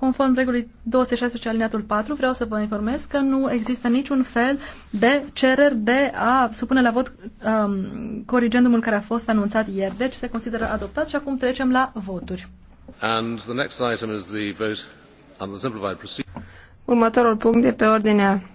Conform regulii 216 alineatul 4, vreau să vă informez că nu există niciun fel de cereri de a supune la vot um, corigendumul care a fost anunțat ieri. Deci se consideră adoptat și acum trecem la voturi. And the next item is the vote on the simplified procedure. Următorul punct de pe ordinea